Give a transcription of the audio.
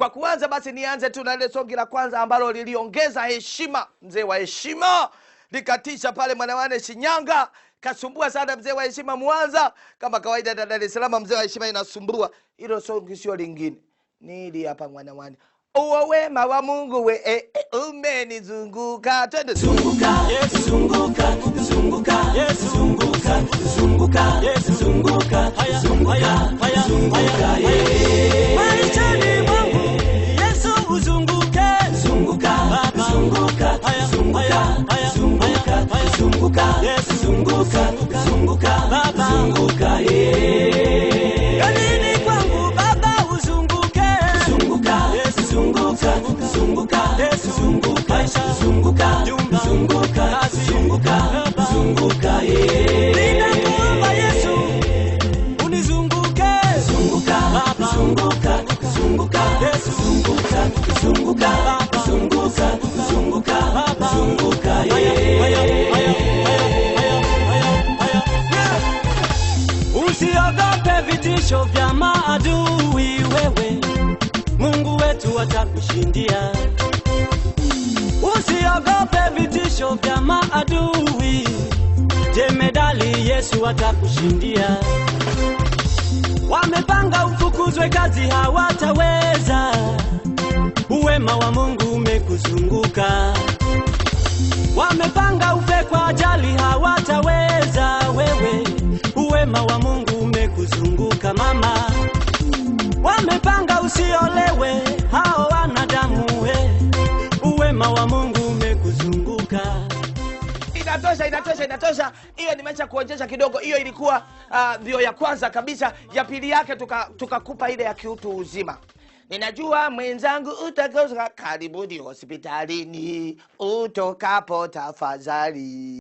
Kwa kuanza basi, nianze tu na ile songi la kwanza ambalo liliongeza heshima. Mzee wa heshima likatisha pale Mwanawane Shinyanga, kasumbua sana mzee wa heshima Mwanza, kama kawaida da Dar es mzee wa heshima inasumbua. ilo songi sio lingine, ni hapa Mwanawane uwo wema wa Mungu we e, e, umenizunguka. Twende zunguka, zunguka, zunguka, zunguka, zunguka, zunguka, zunguka, zunguka zunguka baba zunguka eh kanini kwangu baba uzunguke zunguka zunguka zunguka zunguka zunguka zunguka zunguka zunguka eh ninakuomba Yesu unizunguke zunguka zunguka zunguka zunguka vitisho vya maadui, wewe Mungu wetu atakushindia. Usiogope vitisho vya maadui, jemedali Yesu atakushindia. Wamepanga ufukuzwe kazi, hawataweza. Uwema wa Mungu umekuzunguka. Wamepanga ufe ajali, ajali, amepanga usiolewe, hao wanadamu we, uwema wa Mungu umekuzunguka. Inatosha, inatosha, inatosha. Hiyo nimeacha kuonyesha kidogo. Hiyo ilikuwa ndio ah, uh, ya kwanza kabisa. Ya pili yake tukakupa tuka ile ya kiutu uzima. Ninajua mwenzangu utakosa, karibuni hospitalini utokapo tafadhali.